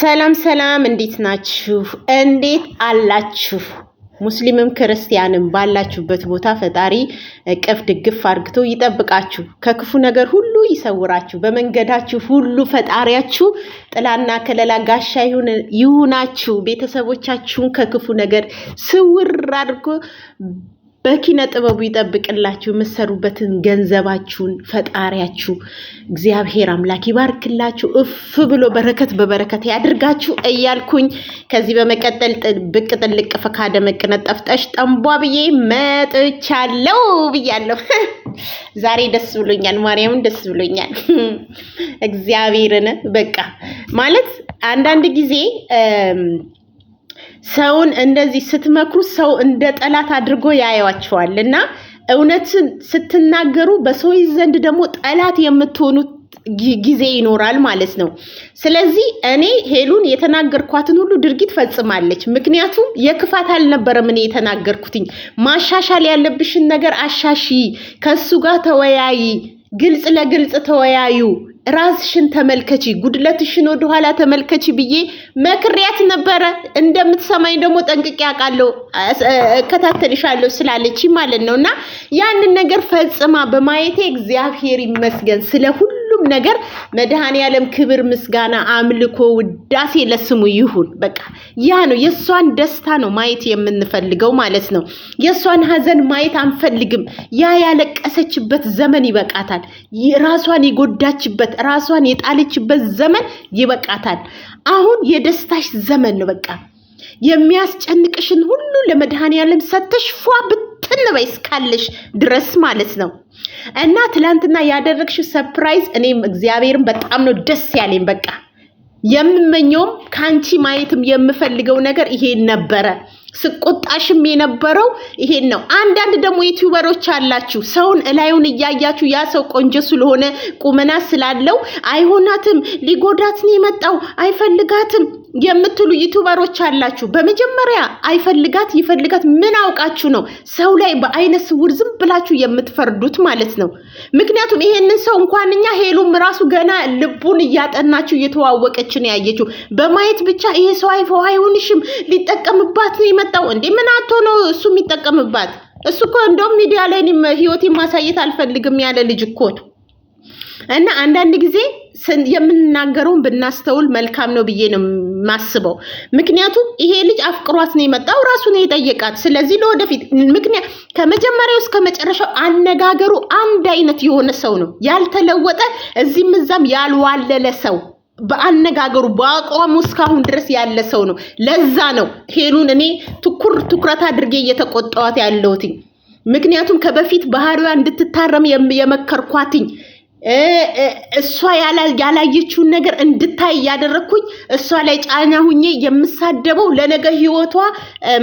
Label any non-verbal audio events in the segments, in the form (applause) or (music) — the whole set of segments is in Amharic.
ሰላም ሰላም፣ እንዴት ናችሁ? እንዴት አላችሁ? ሙስሊምም ክርስቲያንም ባላችሁበት ቦታ ፈጣሪ እቅፍ ድግፍ አርግቶ ይጠብቃችሁ፣ ከክፉ ነገር ሁሉ ይሰውራችሁ፣ በመንገዳችሁ ሁሉ ፈጣሪያችሁ ጥላና ከለላ ጋሻ ይሁናችሁ፣ ቤተሰቦቻችሁን ከክፉ ነገር ስውር አድርጎ በኪነ ጥበቡ ይጠብቅላችሁ። የምትሰሩበትን ገንዘባችሁን ፈጣሪያችሁ እግዚአብሔር አምላክ ይባርክላችሁ። እፍ ብሎ በረከት በበረከት ያድርጋችሁ እያልኩኝ ከዚህ በመቀጠል ብቅ ጥልቅ ፈካደ መቅነት ጠፍጠሽ ጠንቧ ብዬ መጥቻለሁ ብያለሁ። (laughs) ዛሬ ደስ ብሎኛል፣ ማርያምን ደስ ብሎኛል። (laughs) እግዚአብሔርን በቃ ማለት አንዳንድ ጊዜ ሰውን እንደዚህ ስትመክሩ ሰው እንደ ጠላት አድርጎ ያየዋቸዋል እና እውነትን ስትናገሩ በሰው ዘንድ ደግሞ ጠላት የምትሆኑት ጊዜ ይኖራል ማለት ነው። ስለዚህ እኔ ሄሉን የተናገርኳትን ሁሉ ድርጊት ፈጽማለች። ምክንያቱም የክፋት አልነበረም እኔ የተናገርኩትኝ። ማሻሻል ያለብሽን ነገር አሻሺ፣ ከሱ ጋር ተወያይ፣ ግልጽ ለግልጽ ተወያዩ ራስሽን ተመልከቺ፣ ጉድለትሽን ወደኋላ ተመልከቺ ብዬ መክሪያት ነበረ። እንደምትሰማኝ ደግሞ ጠንቅቄ አውቃለሁ፣ እከታተልሻለሁ ስላለች ማለት ነው እና ያንን ነገር ፈጽማ በማየቴ እግዚአብሔር ይመስገን ስለ ሁሉ ሁሉም ነገር መድኃኔ ዓለም ክብር፣ ምስጋና፣ አምልኮ፣ ውዳሴ ለስሙ ይሁን። በቃ ያ ነው የእሷን ደስታ ነው ማየት የምንፈልገው ማለት ነው። የእሷን ሀዘን ማየት አንፈልግም። ያ ያለቀሰችበት ዘመን ይበቃታል። ራሷን የጎዳችበት ራሷን የጣለችበት ዘመን ይበቃታል። አሁን የደስታሽ ዘመን ነው። በቃ የሚያስጨንቅሽን ሁሉ ለመድኃኔ ሰተሽ ፏ ጥን በይ እስካለሽ ድረስ ማለት ነው። እና ትላንትና ያደረግሽው ሰርፕራይዝ እኔም እግዚአብሔርን በጣም ነው ደስ ያለኝ። በቃ የምመኘውም ከአንቺ ማየትም የምፈልገው ነገር ይሄን ነበረ። ስቆጣሽም የነበረው ይሄን ነው። አንዳንድ ደግሞ ዩቲዩበሮች አላችሁ ሰውን እላዩን እያያችሁ ያ ሰው ቆንጆ ስለሆነ ቁመና ስላለው አይሆናትም፣ ሊጎዳት ነው የመጣው አይፈልጋትም የምትሉ ዩቱበሮች አላችሁ። በመጀመሪያ አይፈልጋት ይፈልጋት ምን አውቃችሁ ነው ሰው ላይ በአይነ ስውር ዝም ብላችሁ የምትፈርዱት ማለት ነው። ምክንያቱም ይሄንን ሰው እንኳን እኛ ሄሉም ራሱ ገና ልቡን እያጠናችሁ እየተዋወቀች ነው ያየችው። በማየት ብቻ ይሄ ሰው አይፈው አይሆንሽም፣ ሊጠቀምባት ነው የመጣው እንዴ? ምን አቶ ነው እሱ የሚጠቀምባት? እሱ እኮ እንደውም ሚዲያ ላይ ህይወቴን ማሳየት አልፈልግም ያለ ልጅ እኮ ነው። እና አንዳንድ ጊዜ የምንናገረውን ብናስተውል መልካም ነው ብዬ ነው ማስበው። ምክንያቱም ይሄ ልጅ አፍቅሯት ነው የመጣው፣ ራሱ ነው የጠየቃት። ስለዚህ ለወደፊት ምክንያት ከመጀመሪያው እስከ መጨረሻው አነጋገሩ አንድ አይነት የሆነ ሰው ነው ያልተለወጠ፣ እዚህም እዛም ያልዋለለ ሰው በአነጋገሩ በአቋሙ እስካሁን ድረስ ያለ ሰው ነው። ለዛ ነው ሄሉን እኔ ትኩር ትኩረት አድርጌ እየተቆጣዋት ያለሁትኝ። ምክንያቱም ከበፊት ባህሪዋ እንድትታረም የመከርኳትኝ እሷ ያላየችውን ነገር እንድታይ እያደረግኩኝ እሷ ላይ ጫና ሁኜ የምሳደበው ለነገ ህይወቷ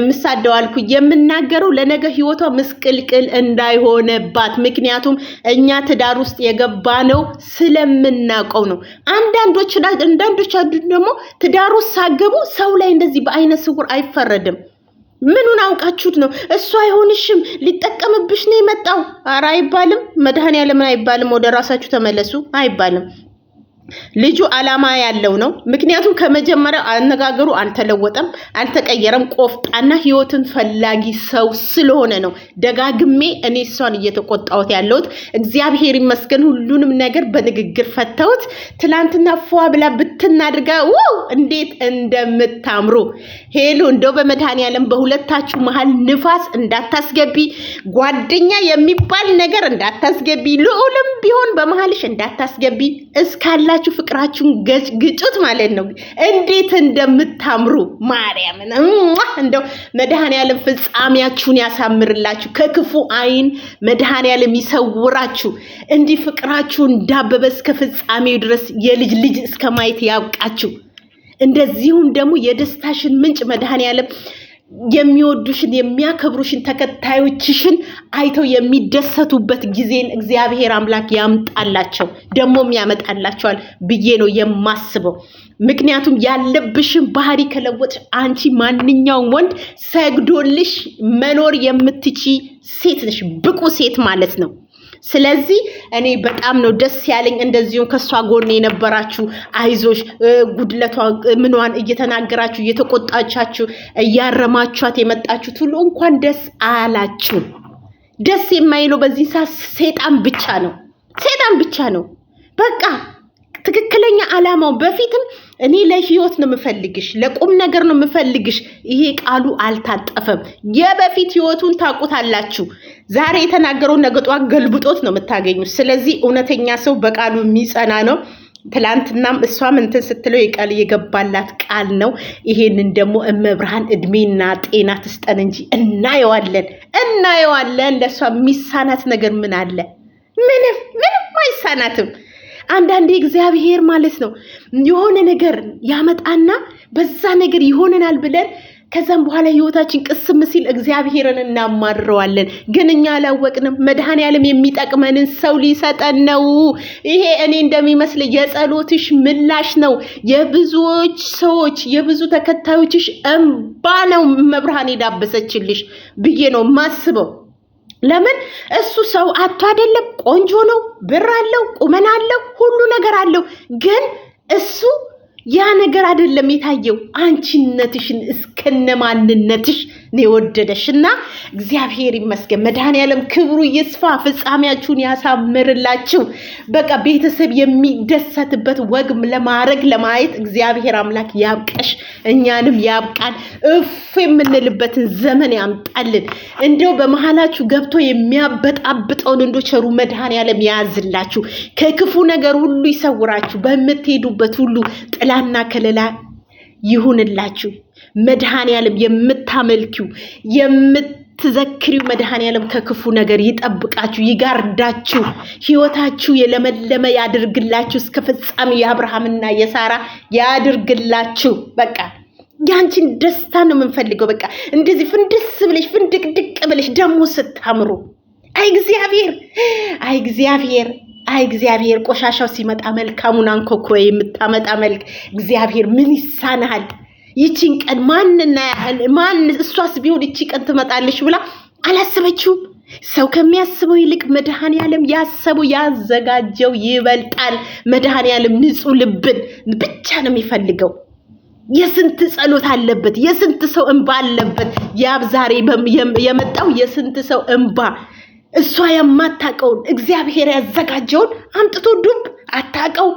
ምሳደው አልኩኝ የምናገረው ለነገ ህይወቷ ምስቅልቅል እንዳይሆነባት። ምክንያቱም እኛ ትዳር ውስጥ የገባ ነው ስለምናውቀው ነው። አንዳንዶች አንዳንዶች ደግሞ ትዳር ውስጥ ሳገቡ ሰው ላይ እንደዚህ በአይነ ስውር አይፈረድም። ምኑን አውቃችሁት ነው? እሱ አይሆንሽም፣ ሊጠቀምብሽ ነው የመጣው። ኧረ አይባልም፣ መድኃኔዓለምን አይባልም። ወደ ራሳችሁ ተመለሱ አይባልም። ልጁ አላማ ያለው ነው። ምክንያቱም ከመጀመሪያው አነጋገሩ አልተለወጠም፣ አልተቀየረም። ቆፍጣና ህይወትን ፈላጊ ሰው ስለሆነ ነው። ደጋግሜ እኔ እሷን እየተቆጣሁት ያለሁት እግዚአብሔር ይመስገን፣ ሁሉንም ነገር በንግግር ፈተውት። ትላንትና ፏ ብላ ብትናድርጋ ው እንዴት እንደምታምሩ ሄሉ። እንደው በመድኃኒዓለም በሁለታችሁ መሀል ንፋስ እንዳታስገቢ፣ ጓደኛ የሚባል ነገር እንዳታስገቢ፣ ልዑልም ቢሆን በመሀልሽ እንዳታስገቢ እስካላ ሄዳችሁ ፍቅራችሁን ግጩት ማለት ነው። እንዴት እንደምታምሩ ማርያምን እንደው መድኃኔዓለም ፍጻሜያችሁን ያሳምርላችሁ፣ ከክፉ አይን መድኃኔዓለም ይሰውራችሁ። እንዲህ ፍቅራችሁ እንዳበበ እስከ ፍጻሜው ድረስ የልጅ ልጅ እስከ ማየት ያብቃችሁ። እንደዚሁም ደግሞ የደስታሽን ምንጭ መድኃኔዓለም የሚወዱሽን የሚያከብሩሽን ተከታዮችሽን አይተው የሚደሰቱበት ጊዜን እግዚአብሔር አምላክ ያምጣላቸው፣ ደግሞም ያመጣላቸዋል ብዬ ነው የማስበው። ምክንያቱም ያለብሽን ባህሪ ከለወጥሽ አንቺ ማንኛውም ወንድ ሰግዶልሽ መኖር የምትቺ ሴት ነሽ፣ ብቁ ሴት ማለት ነው። ስለዚህ እኔ በጣም ነው ደስ ያለኝ። እንደዚሁም ከእሷ ጎን የነበራችሁ አይዞሽ፣ ጉድለቷ ምኗን እየተናገራችሁ እየተቆጣቻችሁ እያረማችኋት የመጣችሁት ሁሉ እንኳን ደስ አላችሁ። ደስ የማይለው በዚህ ሰዓት ሴጣን ብቻ ነው፣ ሴጣን ብቻ ነው በቃ ትክክለኛ ዓላማው በፊትም እኔ ለህይወት ነው የምፈልግሽ፣ ለቁም ነገር ነው የምፈልግሽ። ይሄ ቃሉ አልታጠፈም። የበፊት ህይወቱን ታውቁታላችሁ። ዛሬ የተናገረውን ነገ ጧት ገልብጦት ነው የምታገኙት። ስለዚህ እውነተኛ ሰው በቃሉ የሚጸና ነው። ትላንትናም እሷም እንትን ስትለው የቃል የገባላት ቃል ነው። ይሄንን ደግሞ እመብርሃን እድሜና ጤና ትስጠን እንጂ እናየዋለን፣ እናየዋለን። ለእሷ የሚሳናት ነገር ምን አለ? ምንም ምንም አይሳናትም። አንዳንዴ እግዚአብሔር ማለት ነው የሆነ ነገር ያመጣና በዛ ነገር ይሆነናል ብለን ከዛም በኋላ ህይወታችን ቅስም ሲል እግዚአብሔርን እናማረዋለን። ግን እኛ አላወቅንም። መድኃኔዓለም የሚጠቅመንን ሰው ሊሰጠን ነው። ይሄ እኔ እንደሚመስል የጸሎትሽ ምላሽ ነው። የብዙዎች ሰዎች የብዙ ተከታዮችሽ እምባ ነው መብርሃን የዳበሰችልሽ ብዬ ነው ማስበው። ለምን እሱ ሰው አቶ አይደለም፣ ቆንጆ ነው፣ ብር አለው፣ ቁመና አለው፣ ሁሉ ነገር አለው። ግን እሱ ያ ነገር አይደለም የታየው። አንቺነትሽን እስከነማንነትሽ ነው የወደደሽ። እና እግዚአብሔር ይመስገን መድኃኔዓለም ክብሩ ይስፋ፣ ፍጻሜያችሁን ያሳምርላችሁ። በቃ ቤተሰብ የሚደሰትበት ወግ ለማድረግ ለማየት እግዚአብሔር አምላክ ያብቀሽ። እኛንም ያብቃን፣ እፍ የምንልበትን ዘመን ያምጣልን። እንደው በመሀላችሁ ገብቶ የሚያበጣብጠውን እንዶ ቸሩ መድኃኔዓለም ያዝላችሁ፣ ከክፉ ነገር ሁሉ ይሰውራችሁ፣ በምትሄዱበት ሁሉ ጥላና ከለላ ይሁንላችሁ። መድኃኔዓለም የምታመልኪው የምት ትዘክሪው መድኃኔዓለም ከክፉ ነገር ይጠብቃችሁ፣ ይጋርዳችሁ፣ ህይወታችሁ የለመለመ ያድርግላችሁ፣ እስከ ፍጻሜ የአብርሃምና የሳራ ያድርግላችሁ። በቃ ያንቺን ደስታ ነው የምንፈልገው። በቃ እንደዚህ ፍንድስ ብለሽ ፍንድቅድቅ ብለሽ ደግሞ ስታምሩ፣ አይ እግዚአብሔር፣ አይ እግዚአብሔር፣ አይ እግዚአብሔር። ቆሻሻው ሲመጣ መልካሙን አንኮኮ የምታመጣ መልክ እግዚአብሔር ምን ይሳናሃል? ይቺን ቀን ማንና ያህል ማን እሷስ ቢሆን ይቺ ቀን ትመጣለች ብላ አላሰበችውም። ሰው ከሚያስበው ይልቅ መድኃኔ ዓለም ያሰበው ያዘጋጀው ይበልጣል። መድኃኔ ዓለም ንጹሕ ልብን ብቻ ነው የሚፈልገው። የስንት ጸሎት አለበት፣ የስንት ሰው እንባ አለበት። ያብ ዛሬ የመጣው የስንት ሰው እንባ እሷ የማታውቀውን እግዚአብሔር ያዘጋጀውን አምጥቶ ዱብ አታቀው?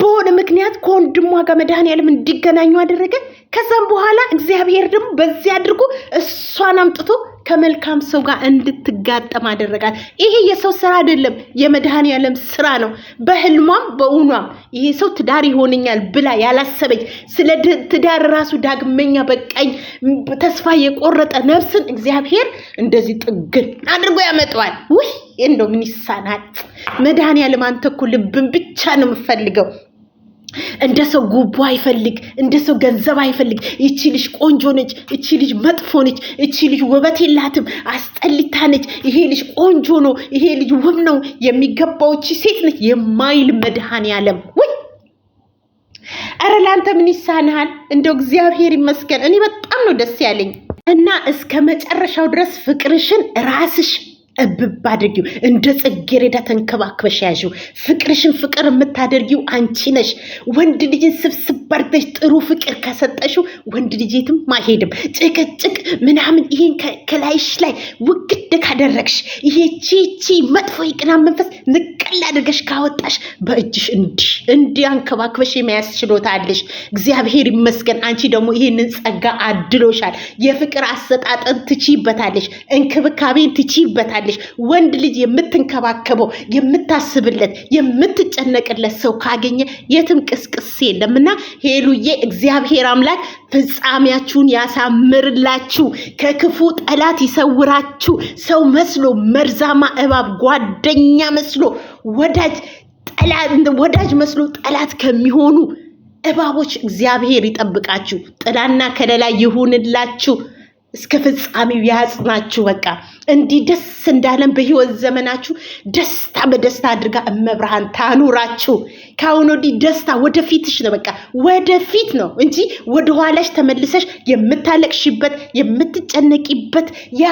በሆነ ምክንያት ከወንድሟ ጋር መድኃኒዓለም እንዲገናኙ አደረገ። ከዛም በኋላ እግዚአብሔር ደግሞ በዚህ አድርጎ እሷን አምጥቶ ከመልካም ሰው ጋር እንድትጋጠም አደረጋት። ይሄ የሰው ስራ አይደለም፣ የመድኃኔ ዓለም ስራ ነው። በህልሟም በእውኗም ይሄ ሰው ትዳር ይሆነኛል ብላ ያላሰበች ስለ ትዳር ራሱ ዳግመኛ በቃኝ ተስፋ የቆረጠ ነፍስን እግዚአብሔር እንደዚህ ጥግን አድርጎ ያመጣዋል። ውይ እንደው ምን ይሳናል! መድኃኔ ዓለም አንተ እኮ ልብን ብቻ ነው የምፈልገው። እንደ ሰው ጉቦ አይፈልግ፣ እንደ ሰው ገንዘብ አይፈልግ። እቺ ልጅ ቆንጆ ነች፣ እቺ ልጅ መጥፎ ነች፣ እቺ ልጅ ውበት የላትም፣ አስጠልታ ነች፣ ይሄ ልጅ ቆንጆ ነው፣ ይሄ ልጅ ውብ ነው፣ የሚገባው እቺ ሴት ነች የማይል መድኃኔዓለም ወይ አረ ለአንተ ምን ይሳንሃል? እንደው እግዚአብሔር ይመስገን እኔ በጣም ነው ደስ ያለኝ እና እስከ መጨረሻው ድረስ ፍቅርሽን ራስሽ እብብ አድርጊው እንደ ጽጌረዳ ተንከባክበሽ ያዥው። ፍቅርሽን ፍቅር የምታደርጊው አንቺ ነሽ። ወንድ ልጅን ስብስብ አድርገሽ ጥሩ ፍቅር ከሰጠሽው ወንድ ልጅ የትም አይሄድም። ጭቅጭቅ ምናምን ይሄን ከላይሽ ላይ ውግድ ካደረግሽ ይሄ ቺቺ መጥፎ የቅና መንፈስ ንቀል አድርገሽ ካወጣሽ በእጅሽ እንዲህ እንዲህ አንከባክበሽ የመያዝ ችሎታ አለሽ። እግዚአብሔር ይመስገን። አንቺ ደግሞ ይሄንን ጸጋ አድሎሻል። የፍቅር አሰጣጠን ትችይበታለሽ፣ እንክብካቤን ትችይበታለሽ። ታደርጊያለሽ። ወንድ ልጅ የምትንከባከበው የምታስብለት፣ የምትጨነቅለት ሰው ካገኘ የትም ቅስቅስ የለም እና ሄሉዬ እግዚአብሔር አምላክ ፍጻሜያችሁን ያሳምርላችሁ፣ ከክፉ ጠላት ይሰውራችሁ። ሰው መስሎ መርዛማ እባብ ጓደኛ መስሎ ወዳጅ ጠላት ወዳጅ መስሎ ጠላት ከሚሆኑ እባቦች እግዚአብሔር ይጠብቃችሁ። ጥላና ከለላ ይሁንላችሁ። እስከ ፍጻሜው ያጽናችሁ። በቃ እንዲህ ደስ እንዳለን በህይወት ዘመናችሁ ደስታ በደስታ አድርጋ እመብርሃን ታኑራችሁ። ከአሁን ወዲህ ደስታ ወደፊትሽ ነው፣ በቃ ወደፊት ነው እንጂ ወደኋላሽ ተመልሰሽ የምታለቅሽበት የምትጨነቂበት፣ ያ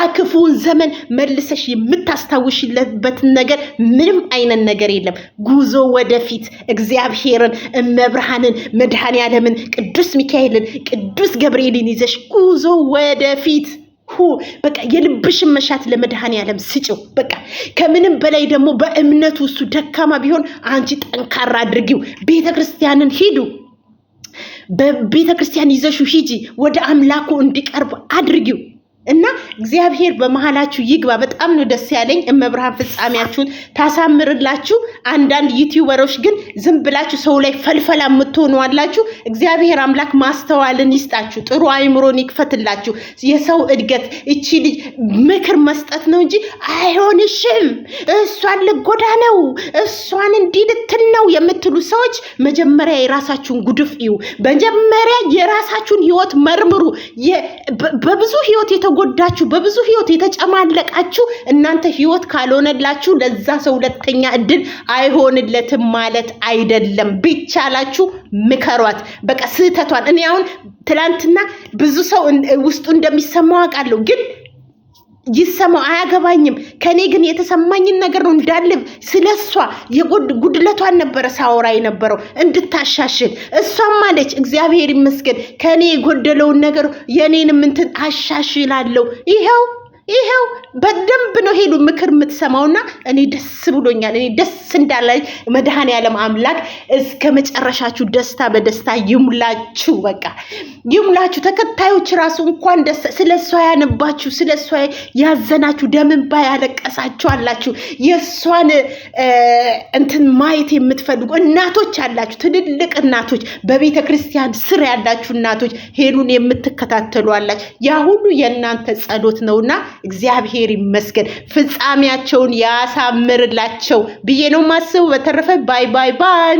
ዘመን መልሰሽ የምታስታውሽለበትን ነገር ምንም አይነት ነገር የለም። ጉዞ ወደፊት እግዚአብሔርን፣ እመብርሃንን፣ መድሃን ያለምን ቅዱስ ሚካኤልን፣ ቅዱስ ገብርኤልን ይዘሽ ጉዞ ወደፊት ፊት ሁ በቃ የልብሽን መሻት ለመድኃኔ ዓለም ስጭው። በቃ ከምንም በላይ ደግሞ በእምነቱ እሱ ደካማ ቢሆን አንቺ ጠንካራ አድርጊው። ቤተ ክርስቲያንን ሂዱ፣ በቤተ ክርስቲያን ይዘሹ ሂጂ። ወደ አምላኩ እንዲቀርብ አድርጊው። እና እግዚአብሔር በመሀላችሁ ይግባ። በጣም ነው ደስ ያለኝ። እመብርሃን ፍጻሜያችሁን ታሳምርላችሁ። አንዳንድ ዩቲዩበሮች ግን ዝም ብላችሁ ሰው ላይ ፈልፈላ የምትሆኑ እግዚአብሔር አምላክ ማስተዋልን ይስጣችሁ፣ ጥሩ አይምሮን ይክፈትላችሁ። የሰው እድገት እቺ ልጅ ምክር መስጠት ነው እንጂ አይሆንሽም፣ እሷን ልጎዳ ነው፣ እሷን እንዲህ ልትል ነው የምትሉ ሰዎች መጀመሪያ የራሳችሁን ጉድፍ እዩ። መጀመሪያ የራሳችሁን ህይወት መርምሩ። በብዙ ህይወት የተጎዳችሁ በብዙ ህይወት የተጨማለቃችሁ እናንተ ህይወት ካልሆነላችሁ ለዛ ሰው ሁለተኛ እድል አይሆንለትም ማለት አይደለም። ቢቻላችሁ ምከሯት፣ በቃ ስህተቷን። እኔ አሁን ትላንትና ብዙ ሰው ውስጡ እንደሚሰማው አውቃለሁ ግን ይሰማው አያገባኝም። ከኔ ግን የተሰማኝን ነገር ነው እንዳለ ስለሷ ጉድለቷን ነበረ ሳወራ የነበረው እንድታሻሽል። እሷም አለች እግዚአብሔር ይመስገን ከኔ የጎደለውን ነገር የኔንም እንትን አሻሽላለሁ ይኸው ይሄው በደንብ ነው ሄሉ ምክር የምትሰማውና፣ እኔ ደስ ብሎኛል። እኔ ደስ እንዳለ መድኃኔዓለም አምላክ እስከ መጨረሻችሁ ደስታ በደስታ ይሙላችሁ፣ በቃ ይሙላችሁ። ተከታዮች ራሱ እንኳን ደስ ስለ እሷ ያነባችሁ፣ ስለ እሷ ያዘናችሁ፣ ደምንባ ያለቀሳችሁ አላችሁ። የእሷን እንትን ማየት የምትፈልጉ እናቶች አላችሁ፣ ትልልቅ እናቶች፣ በቤተ ክርስቲያን ስር ያላችሁ እናቶች ሄሉን የምትከታተሉ አላችሁ። ያ ሁሉ የእናንተ ጸሎት ነውና እግዚአብሔር ይመስገን ፍጻሜያቸውን ያሳምርላቸው ብዬ ነው ማስቡ። በተረፈ ባይ ባይ ባይ